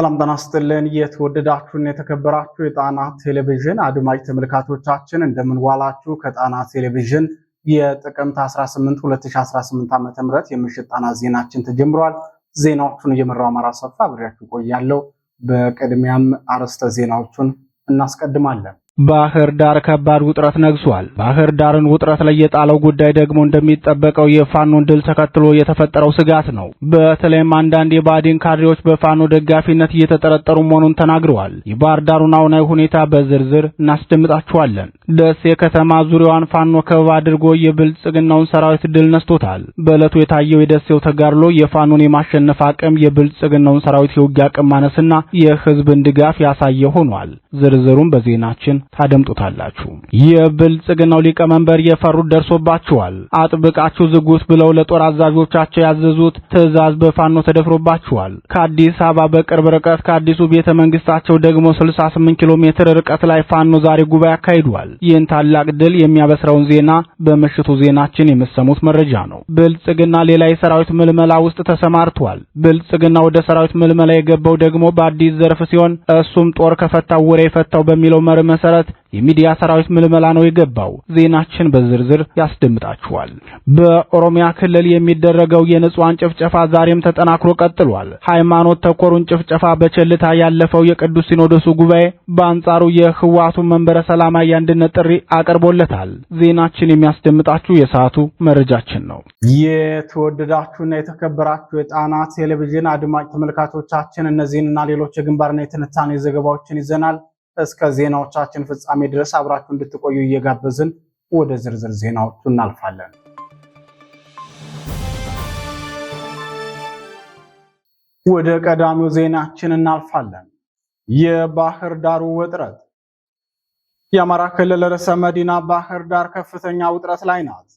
ሰላም ጤና ይስጥልን። የተከበራችሁ የጣና ቴሌቪዥን አድማጭ ተመልካቾቻችን እንደምንዋላችሁ። ከጣና ቴሌቪዥን የጥቅምት 18 2018 ዓ.ም የምሽት ጣና ዜናችን ተጀምሯል። ዜናዎቹን እየመራው አማራ ሰፋ አብሬያችሁ ቆያለሁ። በቅድሚያም አርዕስተ ዜናዎቹን እናስቀድማለን። ባህር ዳር ከባድ ውጥረት ነግሷል። ባህር ዳርን ውጥረት ላይ የጣለው ጉዳይ ደግሞ እንደሚጠበቀው የፋኖን ድል ተከትሎ የተፈጠረው ስጋት ነው። በተለይም አንዳንድ የባዴን ካድሬዎች በፋኖ ደጋፊነት እየተጠረጠሩ መሆኑን ተናግረዋል። የባህር ዳሩን አሁናዊ ሁኔታ በዝርዝር እናስደምጣችኋለን። ደሴ ከተማ ዙሪያዋን ፋኖ ከበባ አድርጎ የብልጽግናውን ሰራዊት ድል ነስቶታል። በዕለቱ የታየው የደሴው ተጋድሎ የፋኖን የማሸነፍ አቅም፣ የብልጽግናውን ሰራዊት የውጊያ አቅም ማነስና የህዝብን ድጋፍ ያሳየ ሆኗል። ዝርዝሩም በዜናችን ታደምጡታላችሁ። የብልጽግናው ሊቀመንበር የፈሩት ደርሶባችኋል፣ አጥብቃችሁ ዝጉት ብለው ለጦር አዛዦቻቸው ያዘዙት ትዕዛዝ በፋኖ ተደፍሮባችኋል። ከአዲስ አበባ በቅርብ ርቀት ከአዲሱ ቤተ መንግስታቸው ደግሞ 68 ኪሎ ሜትር ርቀት ላይ ፋኖ ዛሬ ጉባኤ አካሂዷል። ይህን ታላቅ ድል የሚያበስረውን ዜና በምሽቱ ዜናችን የምሰሙት መረጃ ነው። ብልጽግና ሌላ የሰራዊት ምልመላ ውስጥ ተሰማርቷል። ብልጽግና ወደ ሰራዊት ምልመላ የገባው ደግሞ በአዲስ ዘርፍ ሲሆን እሱም ጦር ከፈታው ወሬ የፈታው በሚለው መርህ መሰረት መሰረት የሚዲያ ሰራዊት ምልመላ ነው የገባው። ዜናችን በዝርዝር ያስደምጣችኋል። በኦሮሚያ ክልል የሚደረገው የንጹሃን ጭፍጨፋ ዛሬም ተጠናክሮ ቀጥሏል። ሃይማኖት ተኮሩን ጭፍጨፋ በቸልታ ያለፈው የቅዱስ ሲኖዶሱ ጉባኤ በአንጻሩ የህወሓቱን መንበረ ሰላማዊ የአንድነት ጥሪ አቅርቦለታል። ዜናችን የሚያስደምጣችሁ የሰዓቱ መረጃችን ነው። የተወደዳችሁና የተከበራችሁ የጣና ቴሌቪዥን አድማጭ ተመልካቾቻችን እነዚህንና ሌሎች የግንባርና የትንታኔ ዘገባዎችን ይዘናል። እስከ ዜናዎቻችን ፍጻሜ ድረስ አብራችሁ እንድትቆዩ እየጋበዝን ወደ ዝርዝር ዜናዎቹ እናልፋለን። ወደ ቀዳሚው ዜናችን እናልፋለን። የባህር ዳሩ ውጥረት የአማራ ክልል ርዕሰ መዲና ባህር ዳር ከፍተኛ ውጥረት ላይ ናት።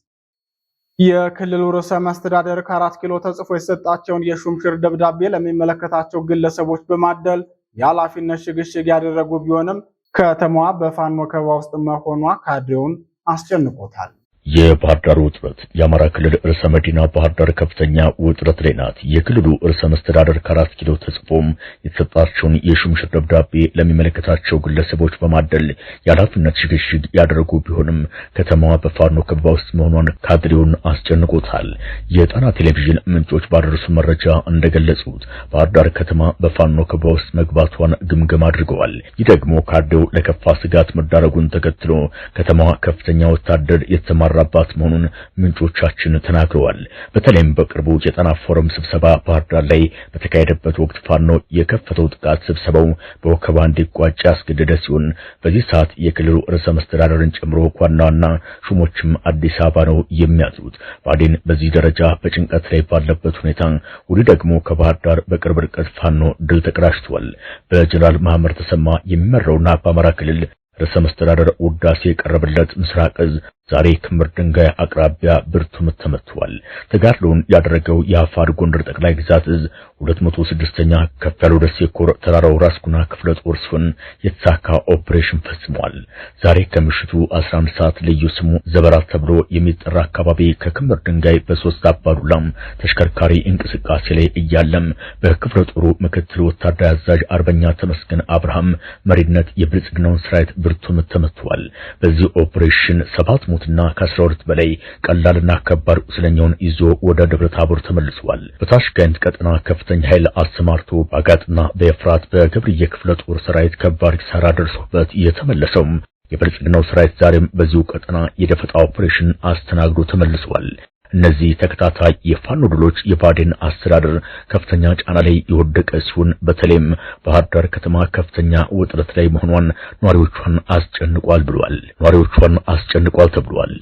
የክልሉ ርዕሰ መስተዳደር ከአራት ኪሎ ተጽፎ የሰጣቸውን የሹምሽር ደብዳቤ ለሚመለከታቸው ግለሰቦች በማደል የኃላፊነት ሽግሽግ ያደረጉ ቢሆንም ከተማዋ በፋኖ ከበባ ውስጥ መሆኗ ካድሬውን አስጨንቆታል። የባህር ዳር ውጥረት የአማራ ክልል ርዕሰ መዲና ባህር ዳር ከፍተኛ ውጥረት ላይ ናት። የክልሉ ርዕሰ መስተዳደር ከአራት ኪሎ ተጽፎም የተሰጣቸውን የሹምሽር ደብዳቤ ለሚመለከታቸው ግለሰቦች በማደል የኃላፊነት ሽግሽግ ያደረጉ ቢሆንም ከተማዋ በፋኖ ከበባ ውስጥ መሆኗን ካድሬውን አስጨንቆታል። የጣና ቴሌቪዥን ምንጮች ባደረሱ መረጃ እንደገለጹት ባህር ዳር ከተማ በፋኖ ከበባ ውስጥ መግባቷን ግምገማ አድርገዋል። ይህ ደግሞ ካድሬው ለከፋ ስጋት መዳረጉን ተከትሎ ከተማዋ ከፍተኛ ወታደር የተማ እየተሰራባት መሆኑን ምንጮቻችን ተናግረዋል። በተለይም በቅርቡ የጣና ፎረም ስብሰባ ባህር ዳር ላይ በተካሄደበት ወቅት ፋኖ የከፈተው ጥቃት ስብሰባው በወከባ እንዲቋጭ ያስገደደ ሲሆን በዚህ ሰዓት የክልሉ ርዕሰ መስተዳደርን ጨምሮ ዋና ዋና ሹሞችም አዲስ አበባ ነው የሚያዙት። ባዴን በዚህ ደረጃ በጭንቀት ላይ ባለበት ሁኔታ ውዲ ደግሞ ከባህር ዳር በቅርብ ርቀት ፋኖ ድል ተቀዳጅቷል። በጀነራል መሐመድ ተሰማ የሚመራውና በአማራ ክልል ርዕሰ መስተዳደር ውዳሴ የቀረበለት ምስራቅ እዝ ዛሬ ክምር ድንጋይ አቅራቢያ ብርቱ ምት ተመትቷል። ተጋድሎውን ያደረገው የአፋር ጎንደር ጠቅላይ ግዛት እዝ 206ኛ ከፍ ያለው ደሴ ኮር ተራራው ራስ ጉና ክፍለ ጦር ሲሆን የተሳካ ኦፕሬሽን ፈጽሟል። ዛሬ ከምሽቱ 11 ሰዓት ልዩ ስሙ ዘበራት ተብሎ የሚጠራ አካባቢ ከክምር ድንጋይ በሶስት አባዱላም ተሽከርካሪ እንቅስቃሴ ላይ እያለም በክፍለ ጦሩ ምክትል ወታደር አዛዥ አርበኛ ተመስገን አብርሃም መሪነት የብልጽግናውን ሰራዊት ብርቱ ምት ተመትቷል። በዚህ ኦፕሬሽን ሰባት ሙትና ከ12 በላይ ቀላልና ከባድ ቁስለኛውን ይዞ ወደ ደብረ ታቦር ተመልሷል። በታሽከንት ቀጠና ከፍተኛ ኃይል አሰማርቶ በአጋጥና በኤፍራት በገብርዬ ክፍለ ጦር ሰራዊት ከባድ ኪሳራ ደርሶበት የተመለሰው የብልጽግናው ሰራዊት ዛሬም በዚሁ ቀጠና የደፈጣ ኦፕሬሽን አስተናግዶ ተመልሷል። እነዚህ ተከታታይ የፋኖ ድሎች የባዴን አስተዳደር ከፍተኛ ጫና ላይ የወደቀ ሲሆን በተለይም ባህር ዳር ከተማ ከፍተኛ ውጥረት ላይ መሆኗን ነዋሪዎቿን አስጨንቋል ብሏል። ነዋሪዎቿን አስጨንቋል ተብሏል።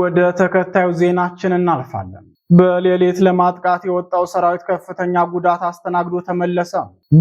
ወደ ተከታዩ ዜናችን እናልፋለን። በሌሊት ለማጥቃት የወጣው ሰራዊት ከፍተኛ ጉዳት አስተናግዶ ተመለሰ።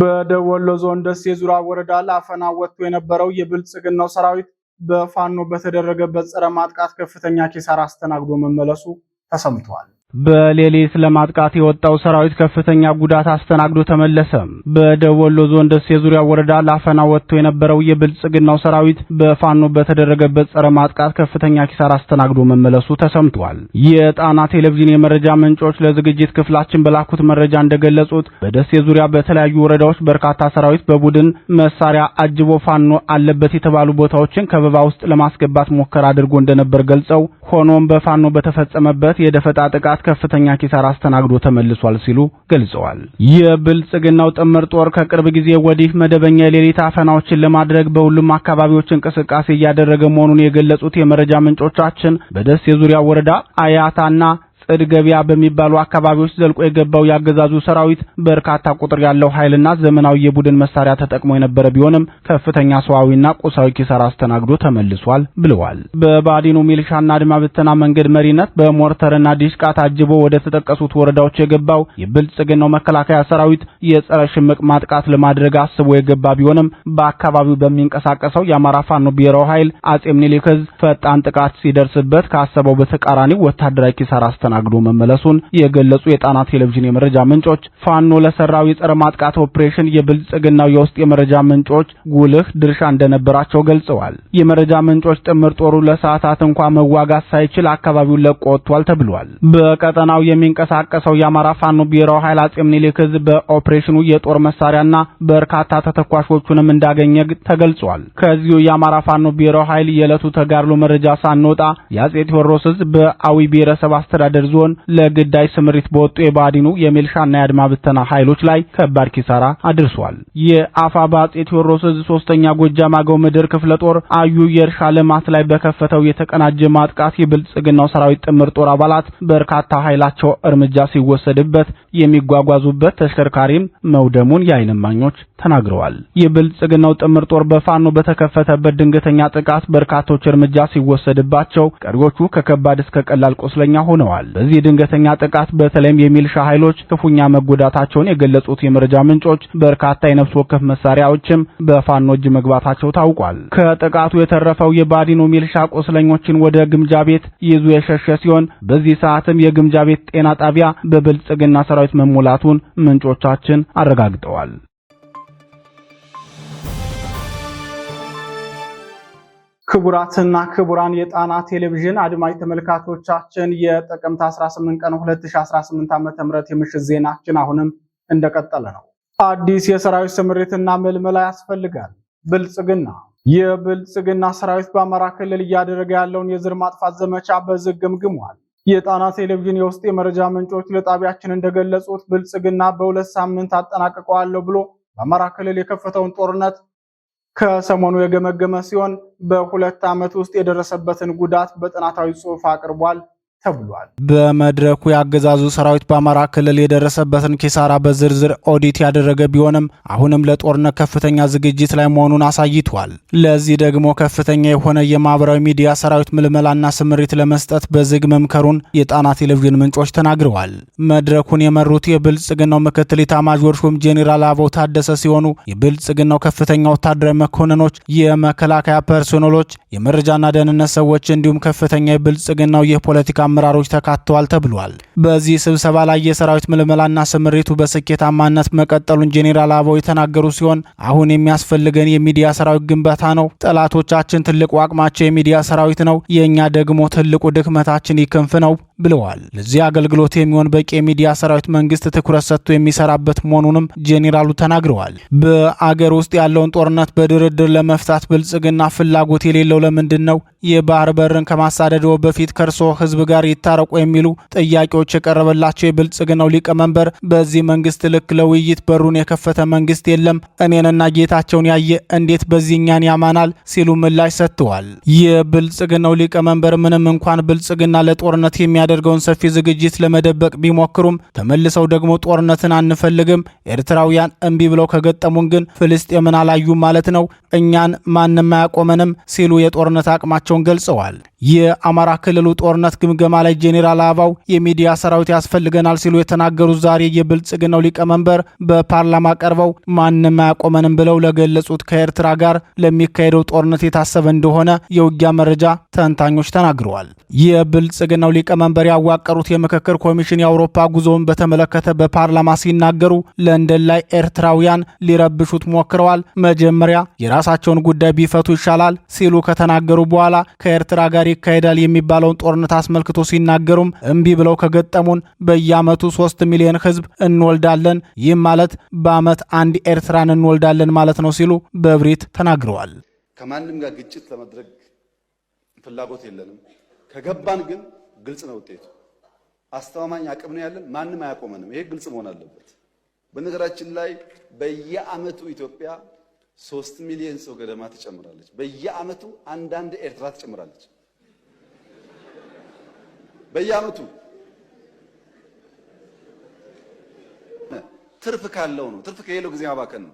በደወሎ ዞን ደሴ ዙሪያ ወረዳ ላፈና ወጥቶ የነበረው የብልጽግናው ሰራዊት በፋኖ በተደረገበት ጸረ ማጥቃት ከፍተኛ ኪሳራ አስተናግዶ መመለሱ ተሰምቷል። በሌሊት ለማጥቃት የወጣው ሰራዊት ከፍተኛ ጉዳት አስተናግዶ ተመለሰ። በደቡብ ወሎ ዞን ደሴ ዙሪያ ወረዳ ላፈና ወጥቶ የነበረው የብልጽግናው ሰራዊት በፋኖ በተደረገበት ጸረ ማጥቃት ከፍተኛ ኪሳራ አስተናግዶ መመለሱ ተሰምቷል። የጣና ቴሌቪዥን የመረጃ ምንጮች ለዝግጅት ክፍላችን በላኩት መረጃ እንደገለጹት በደሴ ዙሪያ በተለያዩ ወረዳዎች በርካታ ሰራዊት በቡድን መሳሪያ አጅቦ ፋኖ አለበት የተባሉ ቦታዎችን ከበባ ውስጥ ለማስገባት ሙከራ አድርጎ እንደነበር ገልጸው ሆኖም በፋኖ በተፈጸመበት የደፈጣ ጥቃት ከፍተኛ ኪሳራ አስተናግዶ ተመልሷል ሲሉ ገልጸዋል። የብልጽግናው ጥምር ጦር ከቅርብ ጊዜ ወዲህ መደበኛ የሌሊት አፈናዎችን ለማድረግ በሁሉም አካባቢዎች እንቅስቃሴ እያደረገ መሆኑን የገለጹት የመረጃ ምንጮቻችን በደሴ ዙሪያ ወረዳ አያታና ጽድ ገበያ በሚባሉ አካባቢዎች ዘልቆ የገባው የአገዛዙ ሰራዊት በርካታ ቁጥር ያለው ኃይልና ዘመናዊ የቡድን መሳሪያ ተጠቅሞ የነበረ ቢሆንም ከፍተኛ ሰዋዊና ቁሳዊ ኪሳራ አስተናግዶ ተመልሷል ብለዋል። በባዲኑ ሚልሻና አድማ ብተና መንገድ መሪነት በሞርተርና ዲሽቃ ታጅቦ ወደ ተጠቀሱት ወረዳዎች የገባው የብልጽግናው መከላከያ ሰራዊት የጸረ ሽምቅ ማጥቃት ለማድረግ አስቦ የገባ ቢሆንም በአካባቢው በሚንቀሳቀሰው የአማራ ፋኖ ብሔራዊ ኃይል አጼ ምኒልክ ፈጣን ጥቃት ሲደርስበት ካሰበው በተቃራኒው ወታደራዊ ኪሳራ አስተናግዶ አስተናግዶ መመለሱን የገለጹ የጣና ቴሌቪዥን የመረጃ ምንጮች ፋኖ ለሰራው የጸረ ማጥቃት ኦፕሬሽን የብልጽግናው የውስጥ የመረጃ ምንጮች ጉልህ ድርሻ እንደነበራቸው ገልጸዋል። የመረጃ ምንጮች ጥምር ጦሩ ለሰዓታት እንኳ መዋጋት ሳይችል አካባቢውን ለቆ ወጥቷል ተብሏል። በቀጠናው የሚንቀሳቀሰው የአማራ ፋኖ ብሔራዊ ኃይል አጼ ምኒልክ ዕዝ በኦፕሬሽኑ የጦር መሳሪያና በርካታ ተተኳሾቹንም እንዳገኘ ተገልጿል። ከዚሁ የአማራ ፋኖ ብሔራዊ ኃይል የዕለቱ ተጋድሎ መረጃ ሳንወጣ የአጼ ቴዎድሮስ ዕዝ በአዊ ብሔረሰብ አስተዳደር ጎንደር ዞን ለግዳጅ ስምሪት በወጡ የባዲኑ የሚልሻና የአድማ ብተና ኃይሎች ላይ ከባድ ኪሳራ አድርሷል። የአፋባ አፄ ቴዎድሮስ እዝ ሶስተኛ ጎጃም አገው ምድር ክፍለ ጦር አዩ የእርሻ ልማት ላይ በከፈተው የተቀናጀ ማጥቃት የብልጽግናው ሰራዊት ጥምር ጦር አባላት በርካታ ኃይላቸው እርምጃ ሲወሰድበት የሚጓጓዙበት ተሽከርካሪም መውደሙን የዓይን እማኞች ተናግረዋል። የብልጽግናው ጥምር ጦር በፋኖ በተከፈተበት ድንገተኛ ጥቃት በርካቶች እርምጃ ሲወሰድባቸው፣ ቀሪዎቹ ከከባድ እስከ ቀላል ቁስለኛ ሆነዋል። በዚህ ድንገተኛ ጥቃት በተለይም የሚልሻ ኃይሎች ክፉኛ መጎዳታቸውን የገለጹት የመረጃ ምንጮች በርካታ የነፍስ ወከፍ መሳሪያዎችም በፋኖ እጅ መግባታቸው ታውቋል። ከጥቃቱ የተረፈው የባዲኖ ሚልሻ ቁስለኞችን ወደ ግምጃ ቤት ይዞ የሸሸ ሲሆን በዚህ ሰዓትም የግምጃ ቤት ጤና ጣቢያ በብልጽግና ሰራዊት መሞላቱን ምንጮቻችን አረጋግጠዋል። ክቡራትና ክቡራን የጣና ቴሌቪዥን አድማጭ ተመልካቾቻችን የጥቅምት 18 ቀን 2018 ዓ.ም የምሽት ዜናችን አሁንም እንደቀጠለ ነው። አዲስ የሰራዊት ስምሪትና ምልመላ ያስፈልጋል። ብልጽግና የብልጽግና ሰራዊት በአማራ ክልል እያደረገ ያለውን የዝር ማጥፋት ዘመቻ በዝግ ገምግሟል። የጣና ቴሌቪዥን የውስጥ የመረጃ ምንጮች ለጣቢያችን እንደገለጹት ብልጽግና በሁለት ሳምንት አጠናቅቀዋለሁ ብሎ በአማራ ክልል የከፈተውን ጦርነት ከሰሞኑ የገመገመ ሲሆን በሁለት ዓመት ውስጥ የደረሰበትን ጉዳት በጥናታዊ ጽሑፍ አቅርቧል። ተብሏል። በመድረኩ የአገዛዙ ሰራዊት በአማራ ክልል የደረሰበትን ኪሳራ በዝርዝር ኦዲት ያደረገ ቢሆንም አሁንም ለጦርነት ከፍተኛ ዝግጅት ላይ መሆኑን አሳይቷል። ለዚህ ደግሞ ከፍተኛ የሆነ የማህበራዊ ሚዲያ ሰራዊት ምልመላና ስምሪት ለመስጠት በዝግ መምከሩን የጣና ቴሌቪዥን ምንጮች ተናግረዋል። መድረኩን የመሩት የብልጽግናው ምክትል ኢታማዦር ሹም ጄኔራል አበባው ታደሰ ሲሆኑ የብልጽግናው ከፍተኛ ወታደራዊ መኮንኖች፣ የመከላከያ ፐርሶኖሎች፣ የመረጃና ደህንነት ሰዎች እንዲሁም ከፍተኛ የብልጽግናው የፖለቲካ አመራሮች ተካተዋል ተብሏል። በዚህ ስብሰባ ላይ የሰራዊት ምልመላና ስምሪቱ በስኬታማነት መቀጠሉን ጄኔራል አበባው የተናገሩ ሲሆን አሁን የሚያስፈልገን የሚዲያ ሰራዊት ግንባታ ነው። ጠላቶቻችን ትልቁ አቅማቸው የሚዲያ ሰራዊት ነው፣ የእኛ ደግሞ ትልቁ ድክመታችን ይክንፍ ነው ብለዋል። ለዚህ አገልግሎት የሚሆን በቂ የሚዲያ ሰራዊት መንግስት ትኩረት ሰጥቶ የሚሰራበት መሆኑንም ጄኔራሉ ተናግረዋል። በአገር ውስጥ ያለውን ጦርነት በድርድር ለመፍታት ብልጽግና ፍላጎት የሌለው ለምንድን ነው? የባህር በርን ከማሳደዶ በፊት ከእርሶ ህዝብ ጋር ይታረቁ የሚሉ ጥያቄዎች ጥያቄዎች የቀረበላቸው የብልጽግናው ሊቀመንበር በዚህ መንግስት ልክ ለውይይት በሩን የከፈተ መንግስት የለም፣ እኔንና ጌታቸውን ያየ እንዴት በዚህኛን ያማናል ሲሉ ምላሽ ሰጥተዋል። የብልጽግናው ሊቀመንበር ምንም እንኳን ብልጽግና ለጦርነት የሚያደርገውን ሰፊ ዝግጅት ለመደበቅ ቢሞክሩም ተመልሰው ደግሞ ጦርነትን አንፈልግም፣ ኤርትራውያን እምቢ ብለው ከገጠሙን ግን ፍልስጤምን አላዩም ማለት ነው፣ እኛን ማንም አያቆመንም ሲሉ የጦርነት አቅማቸውን ገልጸዋል። የአማራ ክልሉ ጦርነት ግምገማ ላይ ጄኔራል አበባው የሚዲያ ሰራዊት ያስፈልገናል ሲሉ የተናገሩት ዛሬ የብልጽግናው ሊቀመንበር በፓርላማ ቀርበው ማንም አያቆመንም ብለው ለገለጹት ከኤርትራ ጋር ለሚካሄደው ጦርነት የታሰበ እንደሆነ የውጊያ መረጃ ተንታኞች ተናግረዋል። የብልጽግናው ሊቀመንበር ያዋቀሩት የምክክር ኮሚሽን የአውሮፓ ጉዞውን በተመለከተ በፓርላማ ሲናገሩ ለንደን ላይ ኤርትራውያን ሊረብሹት ሞክረዋል፣ መጀመሪያ የራሳቸውን ጉዳይ ቢፈቱ ይሻላል ሲሉ ከተናገሩ በኋላ ከኤርትራ ጋር ይካሄዳል የሚባለውን ጦርነት አስመልክቶ ሲናገሩም እምቢ ብለው ከገ የገጠሙን በየአመቱ ሶስት ሚሊዮን ህዝብ እንወልዳለን። ይህም ማለት በአመት አንድ ኤርትራን እንወልዳለን ማለት ነው ሲሉ በእብሪት ተናግረዋል። ከማንም ጋር ግጭት ለማድረግ ፍላጎት የለንም። ከገባን ግን ግልጽ ነው ውጤቱ። አስተማማኝ አቅም ነው ያለን፣ ማንም አያቆመንም። ይሄ ግልጽ መሆን አለበት። በነገራችን ላይ በየአመቱ ኢትዮጵያ ሶስት ሚሊዮን ሰው ገደማ ትጨምራለች። በየአመቱ አንዳንድ ኤርትራ ትጨምራለች። በየአመቱ? ትርፍ ካለው ነው። ትርፍ ከሌለው ጊዜ ማባከን ነው።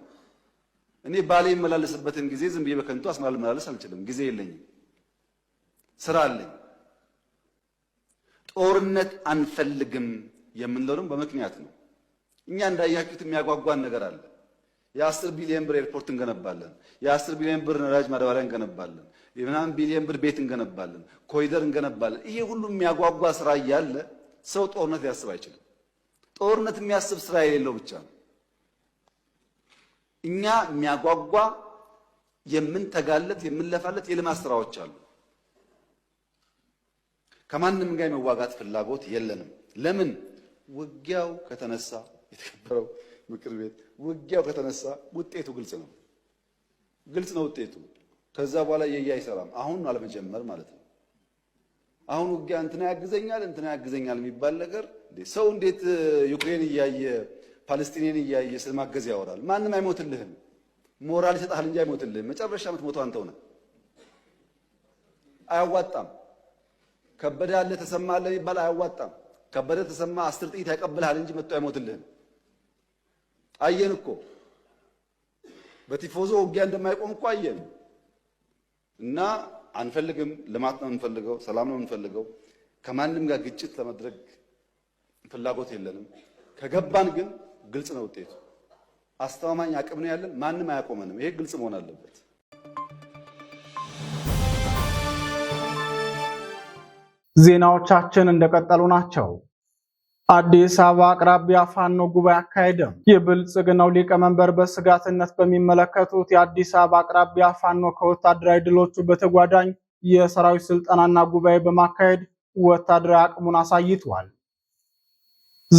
እኔ ባሌ የመላለስበትን ጊዜ ዝም ብዬ በከንቱ አስመራ ልመላለስ አልችልም። ጊዜ የለኝም፣ ስራ አለኝ። ጦርነት አንፈልግም የምንለውም በምክንያት ነው። እኛ እንዳያችሁት የሚያጓጓን ነገር አለ። የአስር ቢሊዮን ብር ኤርፖርት እንገነባለን። የአስር ቢሊዮን ብር ነዳጅ ማዳበሪያ እንገነባለን። የምናምን ቢሊዮን ብር ቤት እንገነባለን፣ ኮሪደር እንገነባለን። ይሄ ሁሉ የሚያጓጓ ስራ እያለ ሰው ጦርነት ሊያስብ አይችልም። ጦርነት የሚያስብ ስራ የሌለው ብቻ ነው። እኛ የሚያጓጓ የምንተጋለት የምንለፋለት የልማት ስራዎች አሉ። ከማንም ጋር የመዋጋት ፍላጎት የለንም። ለምን? ውጊያው ከተነሳ የተከበረው ምክር ቤት ውጊያው ከተነሳ ውጤቱ ግልጽ ነው፣ ግልጽ ነው ውጤቱ። ከዛ በኋላ የየ አይሰራም። አሁን አለመጀመር ማለት ነው። አሁን ውጊያ እንትና ያግዘኛል እንትና ያግዘኛል የሚባል ነገር ሰው እንዴት ዩክሬን እያየ ፓለስቲኒን እያየ ስለማገዝ ያወራል? ማንም አይሞትልህም። ሞራል ይሰጣል እንጂ አይሞትልህም። መጨረሻ የምትሞተው አንተው ነህ። አያዋጣም። ከበደ ያለ ተሰማ አለ የሚባል አያዋጣም። ከበደ ተሰማ አስር ጥይት ያቀብልሃል እንጂ መጥቶ አይሞትልህም። አየን እኮ በቲፎዞ ውጊያ እንደማይቆም እኮ አየን። እና አንፈልግም። ልማት ነው የምንፈልገው፣ ሰላም ነው የምንፈልገው። ከማንም ጋር ግጭት ለማድረግ ፍላጎት የለንም። ከገባን ግን ግልጽ ነው ውጤቱ። አስተማማኝ አቅም ነው ያለን፣ ማንም አያቆመንም። ይሄ ግልጽ መሆን አለበት። ዜናዎቻችን እንደቀጠሉ ናቸው። አዲስ አበባ አቅራቢያ ፋኖ ጉባኤ አካሄደም። የብልጽግናው ሊቀመንበር በስጋትነት በሚመለከቱት የአዲስ አበባ አቅራቢያ ፋኖ ከወታደራዊ ድሎቹ በተጓዳኝ የሰራዊት ስልጠናና ጉባኤ በማካሄድ ወታደራዊ አቅሙን አሳይቷል።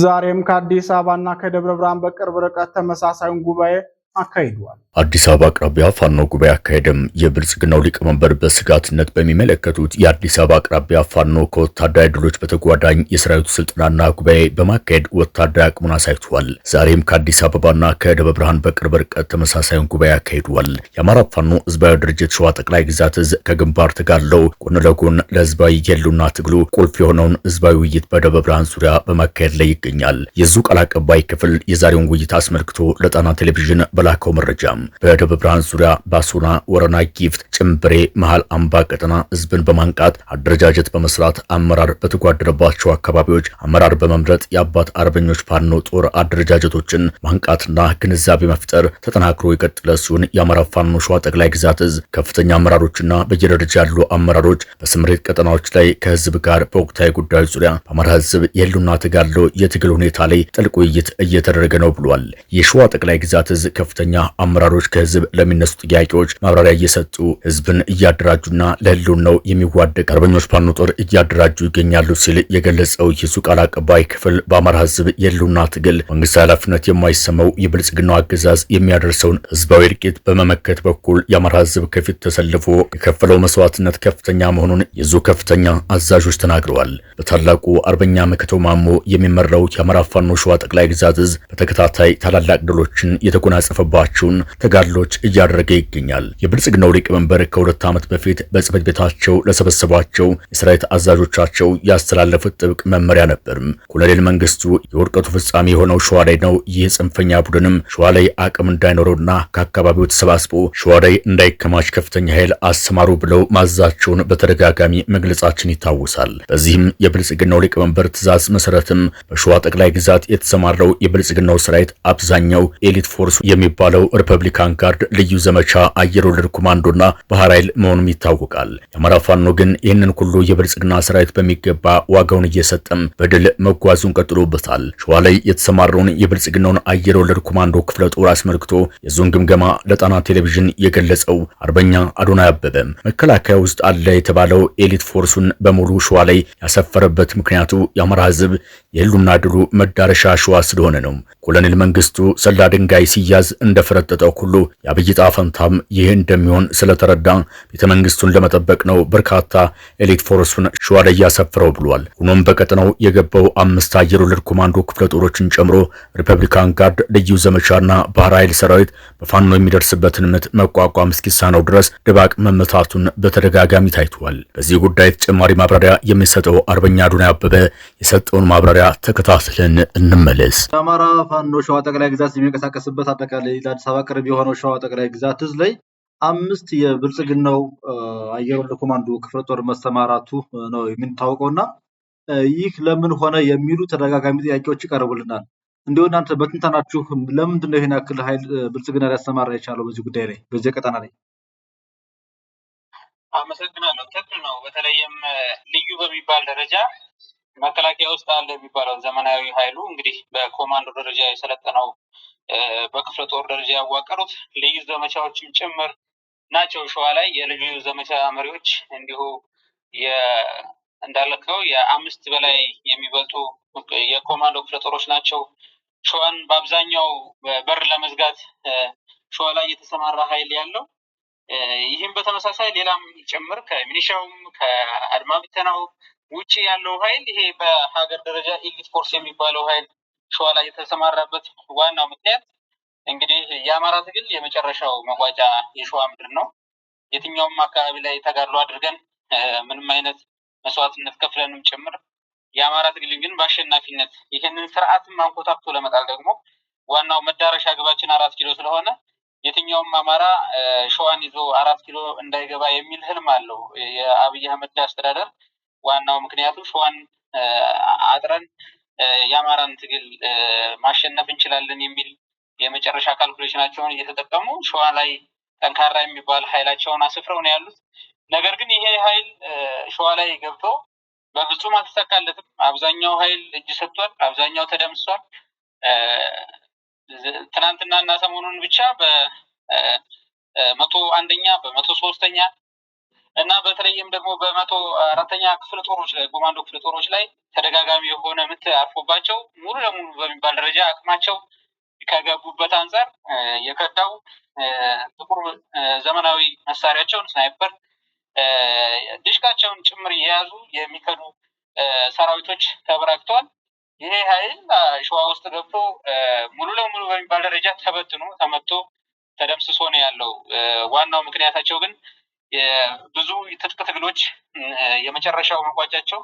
ዛሬም ከአዲስ አበባና ከደብረ ብርሃን በቅርብ ርቀት ተመሳሳዩን ጉባኤ አካሂደዋል። አዲስ አበባ አቅራቢያ ፋኖ ጉባኤ አካሄደም። የብልጽግናው ሊቀመንበር በስጋትነት በሚመለከቱት የአዲስ አበባ አቅራቢያ ፋኖ ከወታደራዊ ድሎች በተጓዳኝ የሰራዊቱ ስልጠናና ጉባኤ በማካሄድ ወታደራዊ አቅሙን አሳይቷል። ዛሬም ከአዲስ አበባና ከደብረ ብርሃን በቅርብ ርቀት ተመሳሳዩን ጉባኤ አካሂደዋል። የአማራ ፋኖ ህዝባዊ ድርጅት ሸዋ ጠቅላይ ግዛት እዝ ከግንባር ተጋድለው ጎን ለጎን ለህዝባዊ የሉና ትግሉ ቁልፍ የሆነውን ህዝባዊ ውይይት በደብረ ብርሃን ዙሪያ በማካሄድ ላይ ይገኛል። የዙ ቃል አቀባይ ክፍል የዛሬውን ውይይት አስመልክቶ ለጣና ቴሌቪዥን በላከው መረጃ በደብረ ብርሃን ዙሪያ ባሶና ወረና፣ ጊፍት፣ ጭምብሬ፣ መሃል አምባ ቀጠና ህዝብን በማንቃት አደረጃጀት በመስራት አመራር በተጓደረባቸው አካባቢዎች አመራር በመምረጥ የአባት አርበኞች ፋኖ ጦር አደረጃጀቶችን ማንቃትና ግንዛቤ መፍጠር ተጠናክሮ የቀጠለ ሲሆን የአማራ ፋኖ ሸዋ ጠቅላይ ግዛት እዝ ከፍተኛ አመራሮችና በየደረጃ ያሉ አመራሮች በስምሬት ቀጠናዎች ላይ ከህዝብ ጋር በወቅታዊ ጉዳዮች ዙሪያ በአማራ ህዝብ የህልውና ትጋለው የትግል ሁኔታ ላይ ጥልቅ ውይይት እየተደረገ ነው ብሏል። የሸዋ ጠቅላይ ግዛት እዝ ከፍተኛ አመራሮች ከህዝብ ለሚነሱ ጥያቄዎች ማብራሪያ እየሰጡ ህዝብን እያደራጁና ለህልውናው የሚዋደቅ አርበኞች ፋኖ ጦር እያደራጁ ይገኛሉ ሲል የገለጸው የሱ ቃል አቀባይ ክፍል በአማራ ህዝብ የህልውና ትግል መንግስት ኃላፊነት የማይሰማው የብልጽግናው አገዛዝ የሚያደርሰውን ህዝባዊ እርቂት በመመከት በኩል የአማራ ህዝብ ከፊት ተሰልፎ የከፈለው መስዋዕትነት ከፍተኛ መሆኑን የዙ ከፍተኛ አዛዦች ተናግረዋል። በታላቁ አርበኛ መከተው ማሞ የሚመራው የአማራ ፋኖ ሸዋ ጠቅላይ ግዛት እዝ በተከታታይ ታላላቅ ድሎችን የተጎናጸፈ የተሳተፈባቸውን ተጋድሎች እያደረገ ይገኛል። የብልጽግናው ሊቀመንበር ከሁለት ዓመት በፊት በጽህፈት ቤታቸው ለሰበሰቧቸው የሰራዊት አዛዦቻቸው ያስተላለፉት ጥብቅ መመሪያ ነበርም። ኮሎኔል መንግስቱ የውድቀቱ ፍጻሜ የሆነው ሸዋ ላይ ነው። ይህ ጽንፈኛ ቡድንም ሸዋ ላይ አቅም እንዳይኖረውና ከአካባቢው ተሰባስቦ ሸዋ ላይ እንዳይከማች ከፍተኛ ኃይል አሰማሩ ብለው ማዛቸውን በተደጋጋሚ መግለጻችን ይታወሳል። በዚህም የብልጽግናው ሊቀመንበር ትዕዛዝ መሰረትም በሸዋ ጠቅላይ ግዛት የተሰማራው የብልጽግናው ሰራዊት አብዛኛው ኤሊት ፎርስ የሚ የሚባለው ሪፐብሊካን ጋርድ ልዩ ዘመቻ አየር ወለድ ኮማንዶና ባህር ኃይል መሆኑም ይታወቃል። የአማራ ፋኖ ግን ይህንን ሁሉ የብልጽግና ሰራዊት በሚገባ ዋጋውን እየሰጠም በድል መጓዙን ቀጥሎበታል። ሸዋ ላይ የተሰማራውን የብልጽግናውን አየር ወለድ ኮማንዶ ክፍለ ጦር አስመልክቶ የዞን ግምገማ ለጣና ቴሌቪዥን የገለጸው አርበኛ አዶና ያበበ። መከላከያ ውስጥ አለ የተባለው ኤሊት ፎርሱን በሙሉ ሸዋ ላይ ያሰፈረበት ምክንያቱ የአማራ ህዝብ ። የህሉና ድሉ መዳረሻ ሸዋ ስለሆነ ነው። ኮሎኔል መንግስቱ ሰላ ድንጋይ ሲያዝ እንደፈረጠጠው ሁሉ የአብይ ፈንታም ይህ እንደሚሆን ስለተረዳ ቤተ መንግስቱን ለመጠበቅ ነው በርካታ ኤሊት ፎረሱን ሸዋ ላይ ያሰፍረው ብሏል። ሆኖም በቀጠናው የገባው አምስት አየር ወለድ ኮማንዶ ክፍለ ጦሮችን ጨምሮ ሪፐብሊካን ጋርድ፣ ልዩ ዘመቻና ባህር ኃይል ሰራዊት በፋኖ የሚደርስበትን ምት መቋቋም እስኪሳነው ድረስ ድባቅ መመታቱን በተደጋጋሚ ታይቷል። በዚህ ጉዳይ ተጨማሪ ማብራሪያ የሚሰጠው አርበኛ ዱና አበበ የሰጠውን ማብራሪያ ዙሪያ ተከታትለን እንመለስ። የአማራ ፋኖ ሸዋ ጠቅላይ ግዛት የሚንቀሳቀስበት አጠቃላይ ለአዲስ አበባ ቅርብ የሆነው ሸዋ ጠቅላይ ግዛት እዝ ላይ አምስት የብልጽግናው አየር ወለድ ኮማንዶ ክፍለ ጦር መሰማራቱ ነው የምንታወቀው እና ይህ ለምን ሆነ የሚሉ ተደጋጋሚ ጥያቄዎች ይቀርቡልናል። እንዲሁ እናንተ በትንተናችሁ ለምንድን ነው ይህን ያክል ኃይል ብልጽግና ሊያሰማራ የቻለው በዚህ ጉዳይ ላይ በዚህ ቀጠና ላይ? አመሰግናለሁ። ትክክል ነው። በተለይም ልዩ በሚባል ደረጃ መከላከያ ውስጥ አለ የሚባለው ዘመናዊ ኃይሉ እንግዲህ በኮማንዶ ደረጃ የሰለጠነው በክፍለ ጦር ደረጃ ያዋቀሩት ልዩ ዘመቻዎችም ጭምር ናቸው። ሸዋ ላይ የልዩ ዘመቻ መሪዎች እንዲሁ እንዳለከው የአምስት በላይ የሚበልጡ የኮማንዶ ክፍለ ጦሮች ናቸው። ሸዋን በአብዛኛው በር ለመዝጋት ሸዋ ላይ የተሰማራ ኃይል ያለው ይህም በተመሳሳይ ሌላም ጭምር ከሚኒሻውም ከአድማ ብተናው ውጭ ያለው ኃይል ይሄ በሀገር ደረጃ ኢሊት ፎርስ የሚባለው ኃይል ሸዋ ላይ የተሰማራበት ዋናው ምክንያት እንግዲህ የአማራ ትግል የመጨረሻው መቋጫ የሸዋ ምድር ነው። የትኛውም አካባቢ ላይ ተጋድሎ አድርገን ምንም አይነት መስዋዕትነት ከፍለንም ጭምር የአማራ ትግል ግን በአሸናፊነት ይህንን ስርዓትን ማንኮታክቶ ለመጣል ደግሞ ዋናው መዳረሻ ግባችን አራት ኪሎ ስለሆነ የትኛውም አማራ ሸዋን ይዞ አራት ኪሎ እንዳይገባ የሚል ህልም አለው የአብይ አህመድ አስተዳደር። ዋናው ምክንያቱ ሸዋን አጥረን የአማራን ትግል ማሸነፍ እንችላለን የሚል የመጨረሻ ካልኩሌሽናቸውን እየተጠቀሙ ሸዋ ላይ ጠንካራ የሚባል ኃይላቸውን አስፍረው ነው ያሉት። ነገር ግን ይሄ ኃይል ሸዋ ላይ ገብቶ በፍጹም አልተሳካለትም። አብዛኛው ኃይል እጅ ሰጥቷል፣ አብዛኛው ተደምሷል ትናንትና እና ሰሞኑን ብቻ በመቶ አንደኛ በመቶ ሶስተኛ እና በተለይም ደግሞ በመቶ አራተኛ ክፍለ ጦሮች ላይ ኮማንዶ ክፍለ ጦሮች ላይ ተደጋጋሚ የሆነ ምት አርፎባቸው ሙሉ ለሙሉ በሚባል ደረጃ አቅማቸው ከገቡበት አንጻር የከዳው ጥቁር ዘመናዊ መሳሪያቸውን ስናይፐር ድሽቃቸውን ጭምር የያዙ የሚከዱ ሰራዊቶች ተበራክተዋል። ይሄ ኃይል ሸዋ ውስጥ ገብቶ ሙሉ ለሙሉ በሚባል ደረጃ ተበትኖ ተመቶ ተደምስሶ ነው ያለው። ዋናው ምክንያታቸው ግን ብዙ የትጥቅ ትግሎች የመጨረሻው መቋጫቸው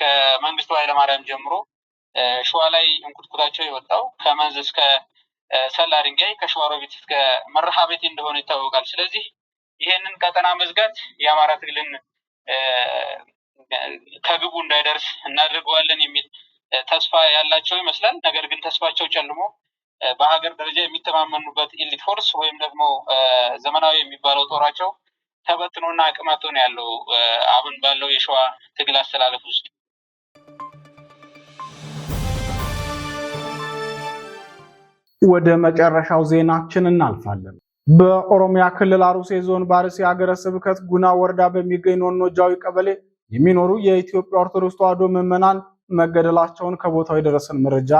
ከመንግስቱ ኃይለማርያም ጀምሮ ሸዋ ላይ እንቁጥቁጣቸው የወጣው ከመንዝ እስከ ሰላ ድንጋይ ከሸዋሮቢት እስከ መርሃ ቤት እንደሆነ ይታወቃል። ስለዚህ ይሄንን ቀጠና መዝጋት የአማራ ትግልን ከግቡ እንዳይደርስ እናደርገዋለን የሚል ተስፋ ያላቸው ይመስላል። ነገር ግን ተስፋቸው ጨልሞ በሀገር ደረጃ የሚተማመኑበት ኢሊት ፎርስ ወይም ደግሞ ዘመናዊ የሚባለው ጦራቸው ተበትኖና አቅማቶ ነው ያለው አሁን ባለው የሸዋ ትግል አስተላለፍ ውስጥ። ወደ መጨረሻው ዜናችን እናልፋለን። በኦሮሚያ ክልል አሩሴ ዞን ባርሲ ሀገረ ስብከት ጉና ወረዳ በሚገኝ ኖኖጃዊ ቀበሌ የሚኖሩ የኢትዮጵያ ኦርቶዶክስ ተዋሕዶ ምዕመናን መገደላቸውን ከቦታው የደረሰን መረጃ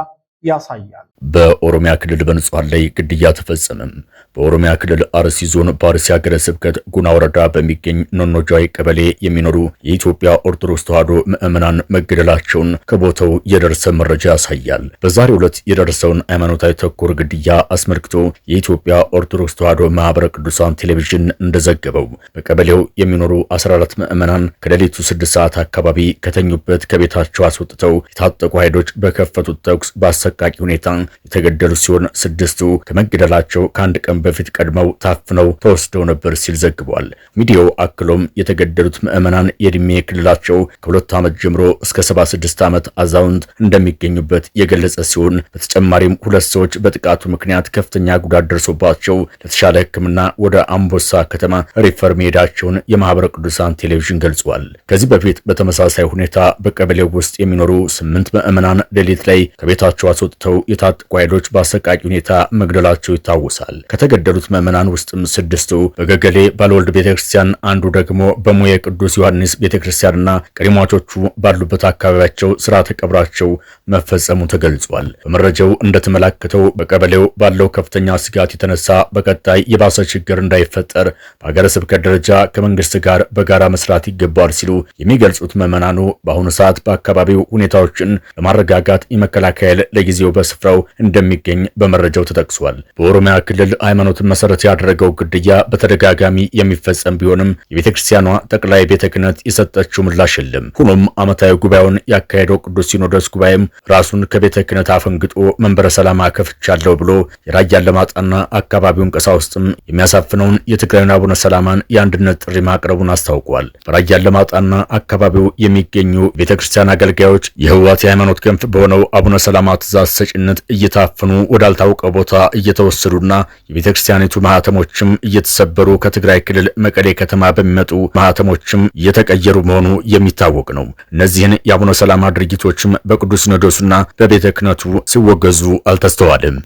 ያሳያል። በኦሮሚያ ክልል በንጹሃን ላይ ግድያ ተፈጸመም። በኦሮሚያ ክልል አርሲ ዞን በአርሲ ሀገረ ስብከት ጉና ወረዳ በሚገኝ ኖኖጃዊ ቀበሌ የሚኖሩ የኢትዮጵያ ኦርቶዶክስ ተዋሕዶ ምዕመናን መገደላቸውን ከቦታው የደረሰ መረጃ ያሳያል። በዛሬው ዕለት የደረሰውን ሃይማኖታዊ ተኮር ግድያ አስመልክቶ የኢትዮጵያ ኦርቶዶክስ ተዋሕዶ ማህበረ ቅዱሳን ቴሌቪዥን እንደዘገበው በቀበሌው የሚኖሩ 14 ምዕመናን ከሌሊቱ 6 ሰዓት አካባቢ ከተኙበት ከቤታቸው አስወጥተው የታጠቁ ኃይሎች በከፈቱት ተኩስ በአሰቃቂ ሁኔታ የተገደሉ ሲሆን ስድስቱ ከመገደላቸው ከአንድ ቀን በፊት ቀድመው ታፍነው ተወስደው ነበር ሲል ዘግቧል። ሚዲያው አክሎም የተገደሉት ምዕመናን የዕድሜ ክልላቸው ከሁለት ዓመት ጀምሮ እስከ 76 ዓመት አዛውንት እንደሚገኙበት የገለጸ ሲሆን በተጨማሪም ሁለት ሰዎች በጥቃቱ ምክንያት ከፍተኛ ጉዳት ደርሶባቸው ለተሻለ ሕክምና ወደ አምቦሳ ከተማ ሪፈር መሄዳቸውን የማህበረ ቅዱሳን ቴሌቪዥን ገልጿል። ከዚህ በፊት በተመሳሳይ ሁኔታ በቀበሌው ውስጥ የሚኖሩ ስምንት ምዕመናን ሌሊት ላይ ከቤታቸው አስወጥተው የታጠቁ ኃይሎች በአሰቃቂ ሁኔታ መግደላቸው ይታወሳል። ከተገደሉት ምዕመናን ውስጥም ስድስቱ በገገሌ ባለወልድ ቤተክርስቲያን፣ አንዱ ደግሞ በሙዬ ቅዱስ ዮሐንስ ቤተክርስቲያንና ቀሪሟቾቹ ባሉበት አካባቢያቸው ስርዓተ ቀብራቸው መፈጸሙ ተገልጿል። በመረጃው እንደተመላከተው በቀበሌው ባለው ከፍተኛ ስጋት የተነሳ በቀጣይ የባሰ ችግር እንዳይፈጠር በሀገረ ስብከት ደረጃ ከመንግስት ጋር በጋራ መስራት ይገባል ሲሉ የሚገልጹት ምዕመናኑ በአሁኑ ሰዓት በአካባቢው ሁኔታዎችን ለማረጋጋት የመከላከያ ለጊዜው በስፍራው እንደሚገኝ በመረጃው ተጠቅሷል። በኦሮሚያ ክልል ሃይማኖትን መሰረት ያደረገው ግድያ በተደጋጋሚ የሚፈጸም ቢሆንም የቤተ ክርስቲያኗ ጠቅላይ ቤተ ክህነት የሰጠችው ምላሽ የለም። ሆኖም ዓመታዊ ጉባኤውን ያካሄደው ቅዱስ ሲኖዶስ ጉባኤም ራሱን ከቤተ ክህነት አፈንግጦ መንበረ ሰላማ ከፍቻለሁ ብሎ የራያ ለማጣና አካባቢውን ውስጥም የሚያሳፍነውን የትግራይን አቡነ ሰላማን የአንድነት ጥሪ ማቅረቡን አስታውቋል። በራያ ለማጣና አካባቢው የሚገኙ ቤተ ክርስቲያን አገልጋዮች የህወሓት የሃይማኖት ክንፍ በሆነው አቡነ ሰላማ ትዛ ትእዛዝ ሰጪነት እየታፈኑ ወዳልታወቀ ቦታ እየተወሰዱና የቤተ ክርስቲያኒቱ ማህተሞችም እየተሰበሩ ከትግራይ ክልል መቀሌ ከተማ በሚመጡ ማህተሞችም እየተቀየሩ መሆኑ የሚታወቅ ነው። እነዚህን የአቡነ ሰላማ ድርጊቶችም በቅዱስ ሲኖዶሱና በቤተ ክህነቱ ሲወገዙ አልተስተዋልም።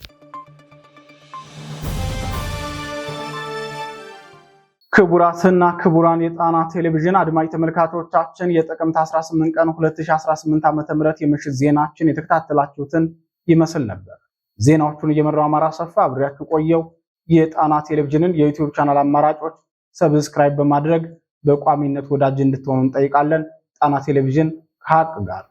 ክቡራትና ክቡራን የጣና ቴሌቪዥን አድማጭ ተመልካቾቻችን የጥቅምት 18 ቀን 2018 ዓ.ም የምሽት ዜናችን የተከታተላችሁትን ይመስል ነበር። ዜናዎቹን እየመራው አማራ ሰፋ አብሬያችሁ ቆየው። የጣና ቴሌቪዥንን የዩቲዩብ ቻናል አማራጮች ሰብስክራይብ በማድረግ በቋሚነት ወዳጅ እንድትሆኑ እንጠይቃለን። ጣና ቴሌቪዥን ከሀቅ ጋር